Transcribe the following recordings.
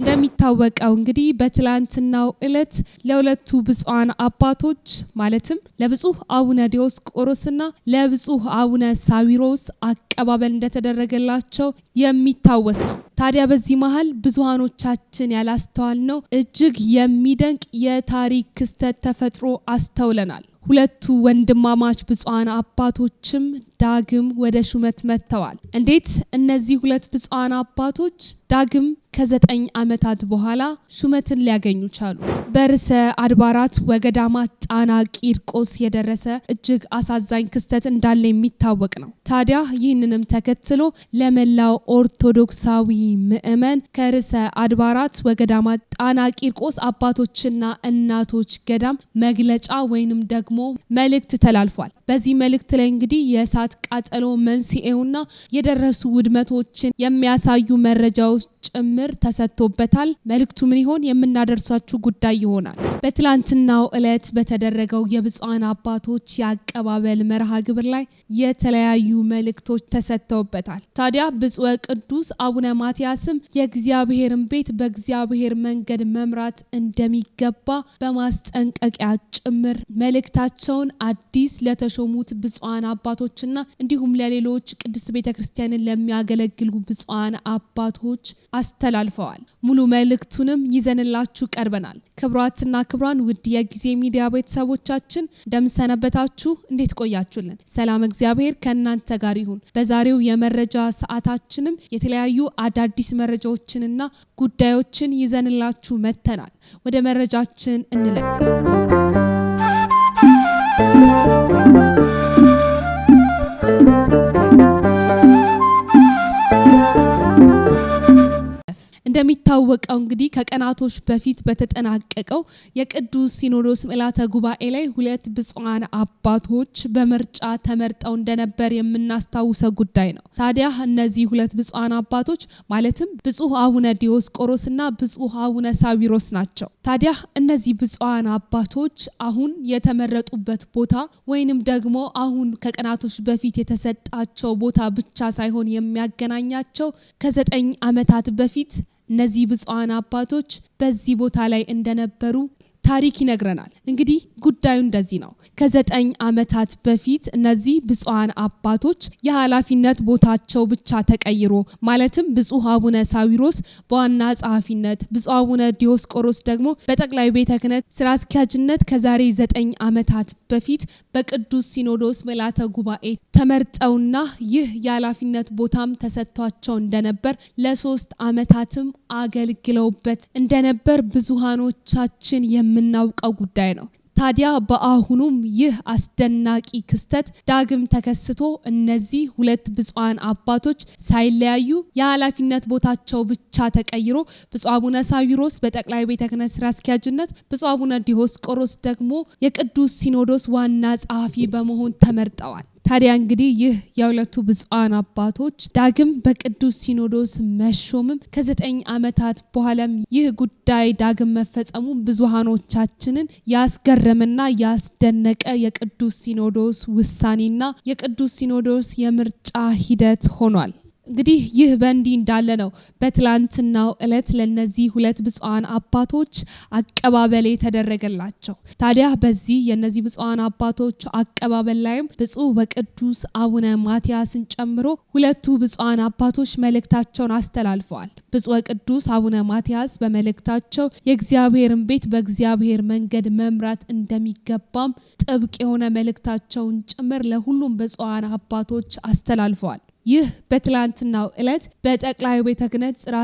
እንደሚታወቀው እንግዲህ በትላንትናው ዕለት ለሁለቱ ብፁዓን አባቶች ማለትም ለብፁህ አቡነ ዲዮስቆሮስና ለብፁህ አቡነ ሳዊሮስ አቀባበል እንደተደረገላቸው የሚታወስ ነው። ታዲያ በዚህ መሀል ብዙሃኖቻችን ያላስተዋል ነው እጅግ የሚደንቅ የታሪክ ክስተት ተፈጥሮ አስተውለናል። ሁለቱ ወንድማማች ብፁዓን አባቶችም ዳግም ወደ ሹመት መጥተዋል። እንዴት እነዚህ ሁለት ብፁዓን አባቶች ዳግም ከዘጠኝ ዓመታት በኋላ ሹመትን ሊያገኙ ቻሉ? በርዕሰ አድባራት ወገዳማት ጣና ቂርቆስ የደረሰ እጅግ አሳዛኝ ክስተት እንዳለ የሚታወቅ ነው። ታዲያ ይህንንም ተከትሎ ለመላው ኦርቶዶክሳዊ ምዕመን ከርዕሰ አድባራት ወገዳማት ጣና ቂርቆስ አባቶችና እናቶች ገዳም መግለጫ ወይንም ደግሞ መልእክት ተላልፏል። በዚህ መልእክት ላይ እንግዲህ የሳ የእሳት ቃጠሎ መንስኤውና የደረሱ ውድመቶችን የሚያሳዩ መረጃዎች ጭምር ተሰጥቶበታል። መልእክቱ ምን ይሆን? የምናደርሷችሁ ጉዳይ ይሆናል። በትላንትናው ዕለት በተደረገው የብፁዓን አባቶች የአቀባበል መርሃ ግብር ላይ የተለያዩ መልእክቶች ተሰጥተውበታል። ታዲያ ብፁዕ ቅዱስ አቡነ ማትያስም የእግዚአብሔርን ቤት በእግዚአብሔር መንገድ መምራት እንደሚገባ በማስጠንቀቂያ ጭምር መልእክታቸውን አዲስ ለተሾሙት ብፁዓን አባቶችና እና እንዲሁም ለሌሎች ቅድስት ቤተ ክርስቲያንን ለሚያገለግሉ ብፁዓን አባቶች አስተላልፈዋል። ሙሉ መልእክቱንም ይዘንላችሁ ቀርበናል። ክብሯትና ክብሯን ውድ የጊዜ ሚዲያ ቤተሰቦቻችን እንደምንሰነበታችሁ፣ እንዴት ቆያችሁልን? ሰላም እግዚአብሔር ከእናንተ ጋር ይሁን። በዛሬው የመረጃ ሰዓታችንም የተለያዩ አዳዲስ መረጃዎችንና ጉዳዮችን ይዘንላችሁ መተናል። ወደ መረጃችን እንለ እንደሚታወቀው እንግዲህ ከቀናቶች በፊት በተጠናቀቀው የቅዱስ ሲኖዶስ ምልዓተ ጉባኤ ላይ ሁለት ብፁዓን አባቶች በምርጫ ተመርጠው እንደነበር የምናስታውሰው ጉዳይ ነው። ታዲያ እነዚህ ሁለት ብፁዓን አባቶች ማለትም ብፁዕ አቡነ ዲዮስቆሮስ እና ብፁዕ አቡነ ሳዊሮስ ናቸው። ታዲያ እነዚህ ብፁዓን አባቶች አሁን የተመረጡበት ቦታ ወይንም ደግሞ አሁን ከቀናቶች በፊት የተሰጣቸው ቦታ ብቻ ሳይሆን የሚያገናኛቸው ከዘጠኝ ዓመታት በፊት እነዚህ ብፁዓን አባቶች በዚህ ቦታ ላይ እንደነበሩ ታሪክ ይነግረናል። እንግዲህ ጉዳዩ እንደዚህ ነው። ከዘጠኝ ዓመታት በፊት እነዚህ ብፁዓን አባቶች የኃላፊነት ቦታቸው ብቻ ተቀይሮ ማለትም ብፁዕ አቡነ ሳዊሮስ በዋና ጸሐፊነት፣ ብፁዕ አቡነ ዲዮስቆሮስ ደግሞ በጠቅላይ ቤተ ክህነት ስራ አስኪያጅነት ከዛሬ ዘጠኝ ዓመታት በፊት በቅዱስ ሲኖዶስ ምልዓተ ጉባኤ ተመርጠውና ይህ የኃላፊነት ቦታም ተሰጥቷቸው እንደነበር ለሶስት ዓመታትም አገልግለውበት እንደነበር ብዙሃኖቻችን የሚ የምናውቀው ጉዳይ ነው። ታዲያ በአሁኑም ይህ አስደናቂ ክስተት ዳግም ተከስቶ እነዚህ ሁለት ብፁዓን አባቶች ሳይለያዩ የኃላፊነት ቦታቸው ብቻ ተቀይሮ ብፁዕ አቡነ ሳዊሮስ በጠቅላይ ቤተ ክህነት ስራ አስኪያጅነት፣ ብፁዕ አቡነ ዲዮስቆሮስ ደግሞ የቅዱስ ሲኖዶስ ዋና ጸሐፊ በመሆን ተመርጠዋል። ታዲያ እንግዲህ ይህ የሁለቱ ብፁዓን አባቶች ዳግም በቅዱስ ሲኖዶስ መሾምም ከዘጠኝ ዓመታት በኋላም ይህ ጉዳይ ዳግም መፈጸሙ ብዙሃኖቻችንን ያስገረምና ያስደነቀ የቅዱስ ሲኖዶስ ውሳኔና የቅዱስ ሲኖዶስ የምርጫ ሂደት ሆኗል። እንግዲህ ይህ በእንዲህ እንዳለ ነው በትላንትናው ዕለት ለነዚህ ሁለት ብፁዓን አባቶች አቀባበል የተደረገላቸው። ታዲያ በዚህ የእነዚህ ብፁዓን አባቶች አቀባበል ላይም ብፁዕ ወቅዱስ አቡነ ማትያስን ጨምሮ ሁለቱ ብፁዓን አባቶች መልእክታቸውን አስተላልፈዋል። ብፁዕ ወቅዱስ አቡነ ማትያስ በመልእክታቸው የእግዚአብሔርን ቤት በእግዚአብሔር መንገድ መምራት እንደሚገባም ጥብቅ የሆነ መልእክታቸውን ጭምር ለሁሉም ብፁዓን አባቶች አስተላልፈዋል። ይህ በትላንትናው ዕለት በጠቅላይ ቤተ ክህነት ጽርሐ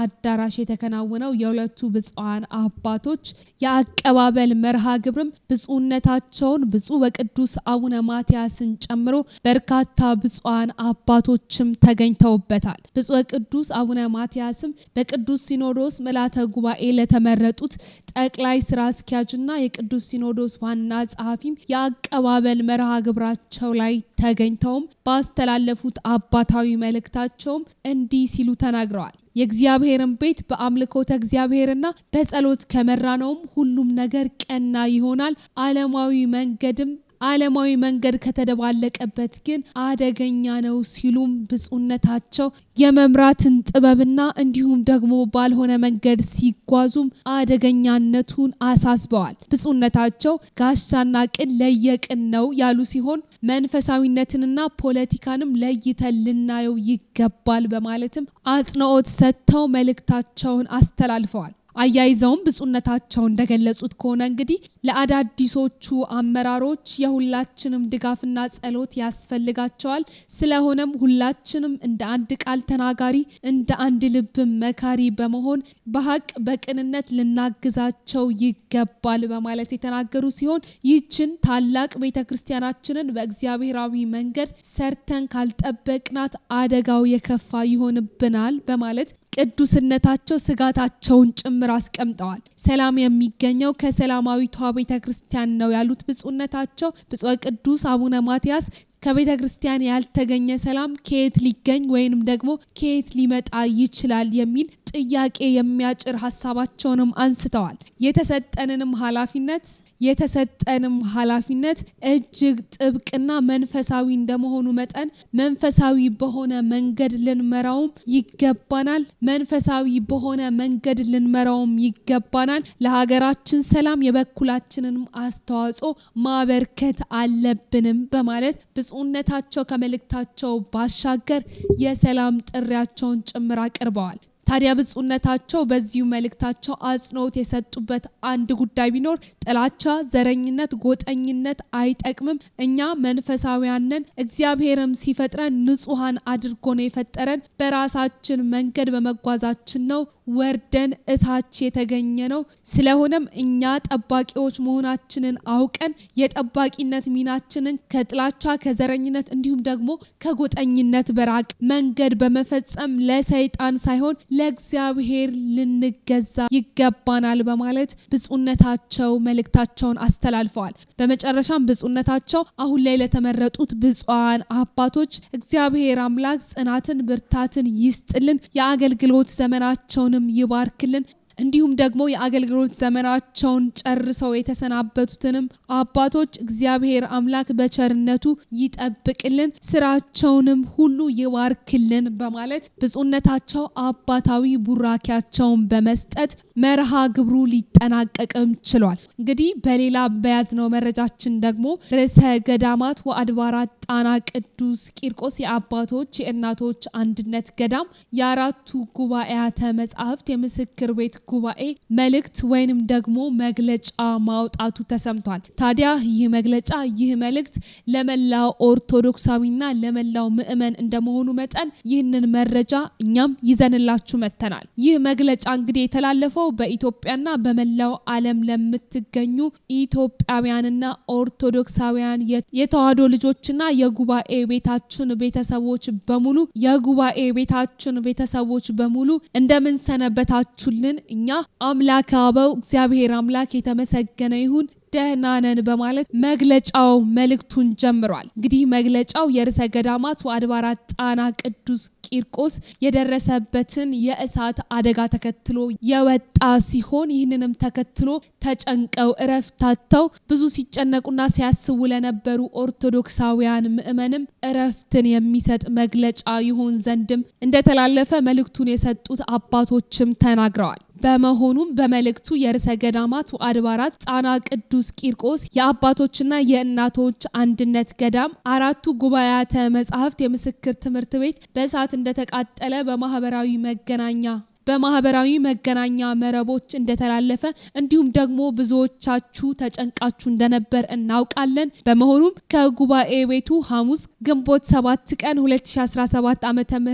አዳራሽ የተከናወነው የሁለቱ ብፁዓን አባቶች የአቀባበል መርሃ ግብርም ብፁዕነታቸውን ብፁዕ ወቅዱስ አቡነ ማትያስን ጨምሮ በርካታ ብፁዓን አባቶችም ተገኝተውበታል። ብፁዕ ወቅዱስ አቡነ ማትያስም በቅዱስ ሲኖዶስ ምልዓተ ጉባኤ ለተመረጡት ጠቅላይ ስራ አስኪያጅና የቅዱስ ሲኖዶስ ዋና ጸሐፊም የአቀባበል መርሃ ግብራቸው ላይ ተገኝተውም ባስተላለፉት አባታዊ መልእክታቸውም እንዲህ ሲሉ ተናግረዋል። የእግዚአብሔርን ቤት በአምልኮተ እግዚአብሔርና በጸሎት ከመራ ነውም ሁሉም ነገር ቀና ይሆናል። ዓለማዊ መንገድም ዓለማዊ መንገድ ከተደባለቀበት ግን አደገኛ ነው ሲሉም ብፁዕነታቸው የመምራትን ጥበብና እንዲሁም ደግሞ ባልሆነ መንገድ ሲጓዙም አደገኛነቱን አሳስበዋል። ብፁዕነታቸው ጋሻና ቅን ለየቅን ነው ያሉ ሲሆን መንፈሳዊነትንና ፖለቲካንም ለይተን ልናየው ይገባል በማለትም አጽንኦት ሰጥተው መልእክታቸውን አስተላልፈዋል። አያይዘውም ብፁዕነታቸው እንደገለጹት ከሆነ እንግዲህ ለአዳዲሶቹ አመራሮች የሁላችንም ድጋፍና ጸሎት ያስፈልጋቸዋል። ስለሆነም ሁላችንም እንደ አንድ ቃል ተናጋሪ፣ እንደ አንድ ልብም መካሪ በመሆን በሀቅ በቅንነት ልናግዛቸው ይገባል በማለት የተናገሩ ሲሆን ይህችን ታላቅ ቤተ ክርስቲያናችንን በእግዚአብሔራዊ መንገድ ሰርተን ካልጠበቅናት አደጋው የከፋ ይሆንብናል በማለት ቅዱስነታቸው ስጋታቸውን ጭምር አስቀምጠዋል። ሰላም የሚገኘው ከሰላማዊቷ ቤተ ክርስቲያን ነው ያሉት ብፁዕነታቸው ብፁዕ ቅዱስ አቡነ ማትያስ ከቤተ ክርስቲያን ያልተገኘ ሰላም ከየት ሊገኝ ወይንም ደግሞ ከየት ሊመጣ ይችላል የሚል ጥያቄ የሚያጭር ሀሳባቸውንም አንስተዋል። የተሰጠንንም ኃላፊነት የተሰጠንም ኃላፊነት እጅግ ጥብቅና መንፈሳዊ እንደመሆኑ መጠን መንፈሳዊ በሆነ መንገድ ልንመራውም ይገባናል። መንፈሳዊ በሆነ መንገድ ልንመራውም ይገባናል። ለሀገራችን ሰላም የበኩላችንንም አስተዋጽኦ ማበርከት አለብንም በማለት ብፁዕነታቸው ከመልእክታቸው ባሻገር የሰላም ጥሪያቸውን ጭምር አቅርበዋል። ታዲያ ብፁዕነታቸው በዚሁ መልእክታቸው አጽንኦት የሰጡበት አንድ ጉዳይ ቢኖር ጥላቻ፣ ዘረኝነት፣ ጎጠኝነት አይጠቅምም። እኛ መንፈሳዊያን ነን። እግዚአብሔርም ሲፈጥረን ንጹሐን አድርጎ ነው የፈጠረን። በራሳችን መንገድ በመጓዛችን ነው ወርደን እታች የተገኘ ነው። ስለሆነም እኛ ጠባቂዎች መሆናችንን አውቀን የጠባቂነት ሚናችንን ከጥላቻ ከዘረኝነት እንዲሁም ደግሞ ከጎጠኝነት በራቅ መንገድ በመፈጸም ለሰይጣን ሳይሆን ለእግዚአብሔር ልንገዛ ይገባናል በማለት ብፁነታቸው መልእክታቸውን አስተላልፈዋል። በመጨረሻም ብፁነታቸው አሁን ላይ ለተመረጡት ብፁዓን አባቶች እግዚአብሔር አምላክ ጽናትን፣ ብርታትን ይስጥልን፣ የአገልግሎት ዘመናቸውንም ይባርክልን። እንዲሁም ደግሞ የአገልግሎት ዘመናቸውን ጨርሰው የተሰናበቱትንም አባቶች እግዚአብሔር አምላክ በቸርነቱ ይጠብቅልን፣ ስራቸውንም ሁሉ ይባርክልን በማለት ብፁዕነታቸው አባታዊ ቡራኪያቸውን በመስጠት መርሃ ግብሩ ሊጠናቀቅም ችሏል። እንግዲህ በሌላ በያዝነው መረጃችን ደግሞ ርዕሰ ገዳማት ወአድባራት ጣና ቅዱስ ቂርቆስ የአባቶች የእናቶች አንድነት ገዳም የአራቱ ጉባኤያተ መጻሕፍት የምስክር ቤት ጉባኤ መልእክት ወይንም ደግሞ መግለጫ ማውጣቱ ተሰምቷል። ታዲያ ይህ መግለጫ ይህ መልእክት ለመላው ኦርቶዶክሳዊና ለመላው ምእመን እንደመሆኑ መጠን ይህንን መረጃ እኛም ይዘንላችሁ መጥተናል። ይህ መግለጫ እንግዲህ የተላለፈው በኢትዮጵያና በመላው ዓለም ለምትገኙ ኢትዮጵያውያንና ኦርቶዶክሳውያን የተዋህዶ ልጆችና የጉባኤ ቤታችን ቤተሰቦች በሙሉ የጉባኤ ቤታችን ቤተሰቦች በሙሉ እንደምን ሰነበታችሁልን እኛ አምላክ አበው እግዚአብሔር አምላክ የተመሰገነ ይሁን ደህና ነን በማለት መግለጫው መልእክቱን ጀምሯል። እንግዲህ መግለጫው የርዕሰ ገዳማት ወአድባራት ጣና ቅዱስ ቂርቆስ የደረሰበትን የእሳት አደጋ ተከትሎ የወጣ ሲሆን ይህንንም ተከትሎ ተጨንቀው እረፍታተው ታተው ብዙ ሲጨነቁና ሲያስቡ ለነበሩ ኦርቶዶክሳውያን ምእመንም እረፍትን የሚሰጥ መግለጫ ይሆን ዘንድም እንደተላለፈ መልእክቱን የሰጡት አባቶችም ተናግረዋል። በመሆኑም በመልእክቱ የርዕሰ ገዳማት አድባራት ጣና ቅዱስ ቂርቆስ የአባቶችና የእናቶች አንድነት ገዳም አራቱ ጉባኤያተ መጻሕፍት የምስክር ትምህርት ቤት በእሳት እንደተቃጠለ በማህበራዊ መገናኛ በማህበራዊ መገናኛ መረቦች እንደተላለፈ እንዲሁም ደግሞ ብዙዎቻችሁ ተጨንቃችሁ እንደነበር እናውቃለን። በመሆኑም ከጉባኤ ቤቱ ሐሙስ ግንቦት 7 ቀን 2017 ዓ ም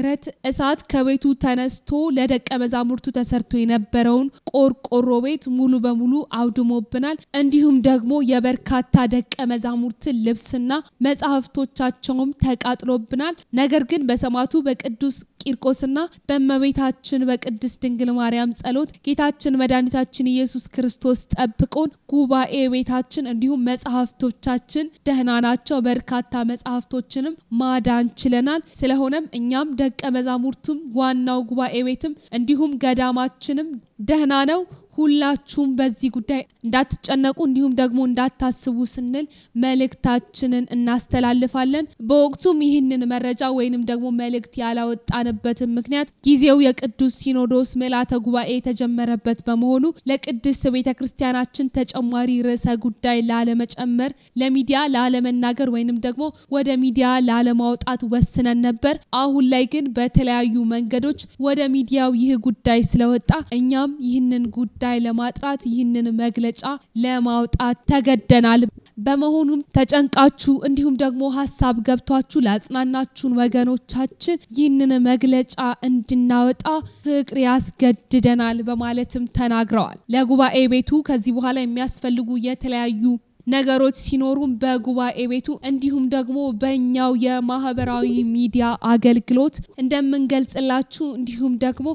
እሳት ከቤቱ ተነስቶ ለደቀ መዛሙርቱ ተሰርቶ የነበረውን ቆርቆሮ ቤት ሙሉ በሙሉ አውድሞብናል። እንዲሁም ደግሞ የበርካታ ደቀ መዛሙርት ልብስና መጽሐፍቶቻቸውም ተቃጥሎብናል። ነገር ግን በሰማዕቱ በቅዱስ ቂርቆስና በእመቤታችን በቅዱስ የቅድስት ድንግል ማርያም ጸሎት ጌታችን መድኃኒታችን ኢየሱስ ክርስቶስ ጠብቆን ጉባኤ ቤታችን እንዲሁም መጽሐፍቶቻችን ደህና ናቸው። በርካታ መጽሐፍቶችንም ማዳን ችለናል። ስለሆነም እኛም ደቀ መዛሙርቱም ዋናው ጉባኤ ቤትም እንዲሁም ገዳማችንም ደህና ነው፣ ሁላችሁም በዚህ ጉዳይ እንዳትጨነቁ እንዲሁም ደግሞ እንዳታስቡ ስንል መልእክታችንን እናስተላልፋለን። በወቅቱም ይህንን መረጃ ወይንም ደግሞ መልእክት ያላወጣንበትን ምክንያት ጊዜው የቅዱስ ሲኖዶስ ምልዓተ ጉባኤ የተጀመረበት በመሆኑ ለቅድስት ቤተ ክርስቲያናችን ተጨማሪ ርዕሰ ጉዳይ ላለመጨመር፣ ለሚዲያ ላለመናገር ወይንም ደግሞ ወደ ሚዲያ ላለማውጣት ወስነን ነበር። አሁን ላይ ግን በተለያዩ መንገዶች ወደ ሚዲያው ይህ ጉዳይ ስለወጣ እኛም እኛም ይህንን ጉዳይ ለማጥራት ይህንን መግለጫ ለማውጣት ተገደናል። በመሆኑም ተጨንቃችሁ እንዲሁም ደግሞ ሀሳብ ገብቷችሁ ላጽናናችሁን ወገኖቻችን ይህንን መግለጫ እንድናወጣ ፍቅር ያስገድደናል በማለትም ተናግረዋል። ለጉባኤ ቤቱ ከዚህ በኋላ የሚያስፈልጉ የተለያዩ ነገሮች ሲኖሩም በጉባኤ ቤቱ እንዲሁም ደግሞ በእኛው የማህበራዊ ሚዲያ አገልግሎት እንደምንገልጽላችሁ እንዲሁም ደግሞ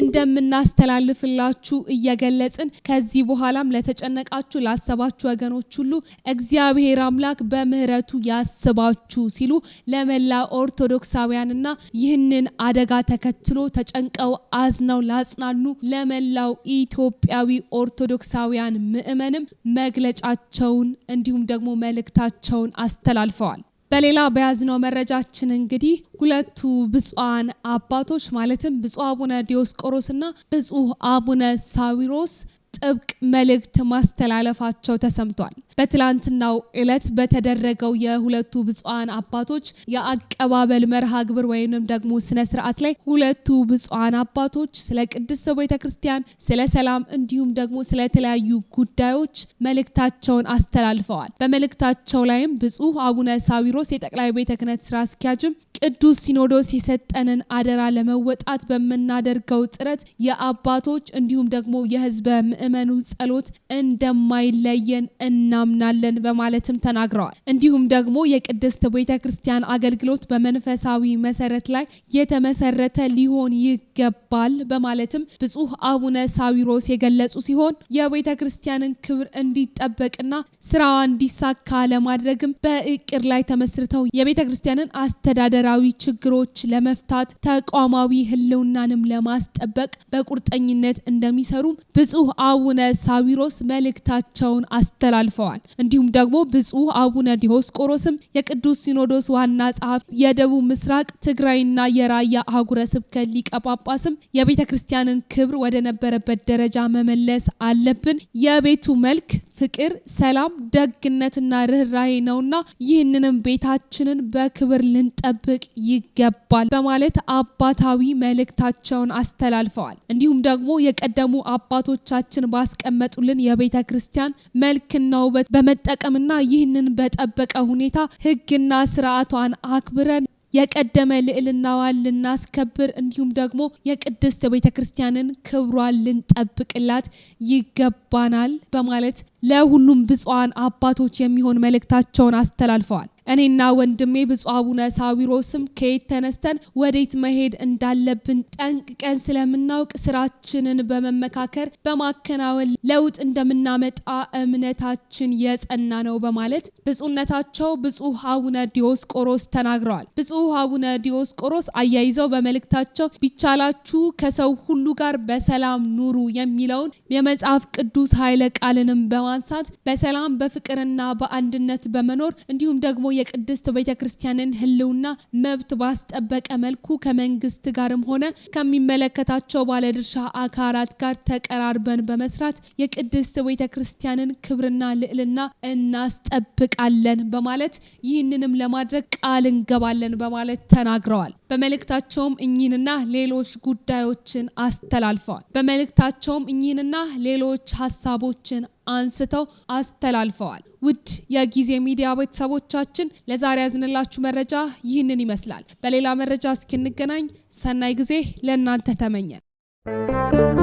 እንደምናስተላልፍላችሁ እየገለጽን ከዚህ በኋላም ለተጨነቃችሁ ላሰባችሁ ወገኖች ሁሉ እግዚአብሔር አምላክ በምህረቱ ያስባችሁ ሲሉ ለመላ ኦርቶዶክሳውያንና ይህንን አደጋ ተከትሎ ተጨንቀው አዝነው ላጽናኑ ለመላው ኢትዮጵያዊ ኦርቶዶክሳውያን ምእመንም መግለጫቸውን እንዲሁም ደግሞ መልእክታቸውን አስተላልፈዋል። በሌላ በያዝነው መረጃችን እንግዲህ ሁለቱ ብፁዓን አባቶች ማለትም ብፁዕ አቡነ ዲዮስቆሮስና ብፁዕ አቡነ ሳዊሮስ ጥብቅ መልእክት ማስተላለፋቸው ተሰምቷል። በትላንትናው ዕለት በተደረገው የሁለቱ ብፁዓን አባቶች የአቀባበል መርሃ ግብር ወይንም ደግሞ ስነ ስርዓት ላይ ሁለቱ ብፁዓን አባቶች ስለ ቅድስት ቤተ ክርስቲያን፣ ስለ ሰላም እንዲሁም ደግሞ ስለተለያዩ ጉዳዮች መልእክታቸውን አስተላልፈዋል። በመልእክታቸው ላይም ብፁዕ አቡነ ሳዊሮስ የጠቅላይ ቤተ ክህነት ስራ አስኪያጅም ቅዱስ ሲኖዶስ የሰጠንን አደራ ለመወጣት በምናደርገው ጥረት የአባቶች እንዲሁም ደግሞ የህዝበ ምእመኑ ጸሎት እንደማይለየን እና እናምናለን በማለትም ተናግረዋል። እንዲሁም ደግሞ የቅድስት ቤተ ክርስቲያን አገልግሎት በመንፈሳዊ መሰረት ላይ የተመሰረተ ሊሆን ይገባል በማለትም ብጹህ አቡነ ሳዊሮስ የገለጹ ሲሆን የቤተ ክርስቲያንን ክብር እንዲጠበቅና ስራዋ እንዲሳካ ለማድረግም በእቅድ ላይ ተመስርተው የቤተ ክርስቲያንን አስተዳደራዊ ችግሮች ለመፍታት ተቋማዊ ህልውናንም ለማስጠበቅ በቁርጠኝነት እንደሚሰሩም ብጹህ አቡነ ሳዊሮስ መልእክታቸውን አስተላልፈዋል። ተናግረዋል። እንዲሁም ደግሞ ብፁዕ አቡነ ዲዮስቆሮስም የቅዱስ ሲኖዶስ ዋና ጸሐፊ፣ የደቡብ ምስራቅ ትግራይና የራያ አህጉረ ስብከት ሊቀ ጳጳስም የቤተ ክርስቲያንን ክብር ወደ ነበረበት ደረጃ መመለስ አለብን። የቤቱ መልክ ፍቅር፣ ሰላም፣ ደግነትና ርኅራሄ ነውና ይህንንም ቤታችንን በክብር ልንጠብቅ ይገባል በማለት አባታዊ መልእክታቸውን አስተላልፈዋል። እንዲሁም ደግሞ የቀደሙ አባቶቻችን ባስቀመጡልን የቤተ ክርስቲያን መልክና ውበት ህይወት በመጠቀምና ይህንን በጠበቀ ሁኔታ ህግና ስርዓቷን አክብረን የቀደመ ልዕልናዋን ልናስከብር እንዲሁም ደግሞ የቅድስት ቤተ ክርስቲያንን ክብሯን ልንጠብቅላት ይገባናል በማለት ለሁሉም ብፁዓን አባቶች የሚሆን መልእክታቸውን አስተላልፈዋል። እኔና ወንድሜ ብፁዕ አቡነ ሳዊሮስም ከየት ተነስተን ወዴት መሄድ እንዳለብን ጠንቅቀን ስለምናውቅ ስራችንን በመመካከር በማከናወን ለውጥ እንደምናመጣ እምነታችን የጸና ነው በማለት ብፁዕነታቸው ብፁዕ አቡነ ዲዮስቆሮስ ተናግረዋል። ብፁዕ አቡነ ዲዮስቆሮስ አያይዘው በመልእክታቸው ቢቻላችሁ ከሰው ሁሉ ጋር በሰላም ኑሩ የሚለውን የመጽሐፍ ቅዱስ ኃይለ ቃልንም በማንሳት በሰላም በፍቅርና በአንድነት በመኖር እንዲሁም ደግሞ የቅድስት ቤተ ክርስቲያንን ህልውና መብት ባስጠበቀ መልኩ ከመንግስት ጋርም ሆነ ከሚመለከታቸው ባለድርሻ አካላት ጋር ተቀራርበን በመስራት የቅድስት ቤተ ክርስቲያንን ክብርና ልዕልና እናስጠብቃለን በማለት ይህንንም ለማድረግ ቃል እንገባለን በማለት ተናግረዋል። በመልእክታቸውም እኚህንና ሌሎች ጉዳዮችን አስተላልፈዋል። በመልእክታቸውም እኚህንና ሌሎች ሀሳቦችን አንስተው አስተላልፈዋል። ውድ የጊዜ ሚዲያ ቤተሰቦቻችን ለዛሬ ያዝንላችሁ መረጃ ይህንን ይመስላል። በሌላ መረጃ እስክንገናኝ ሰናይ ጊዜ ለእናንተ ተመኘን።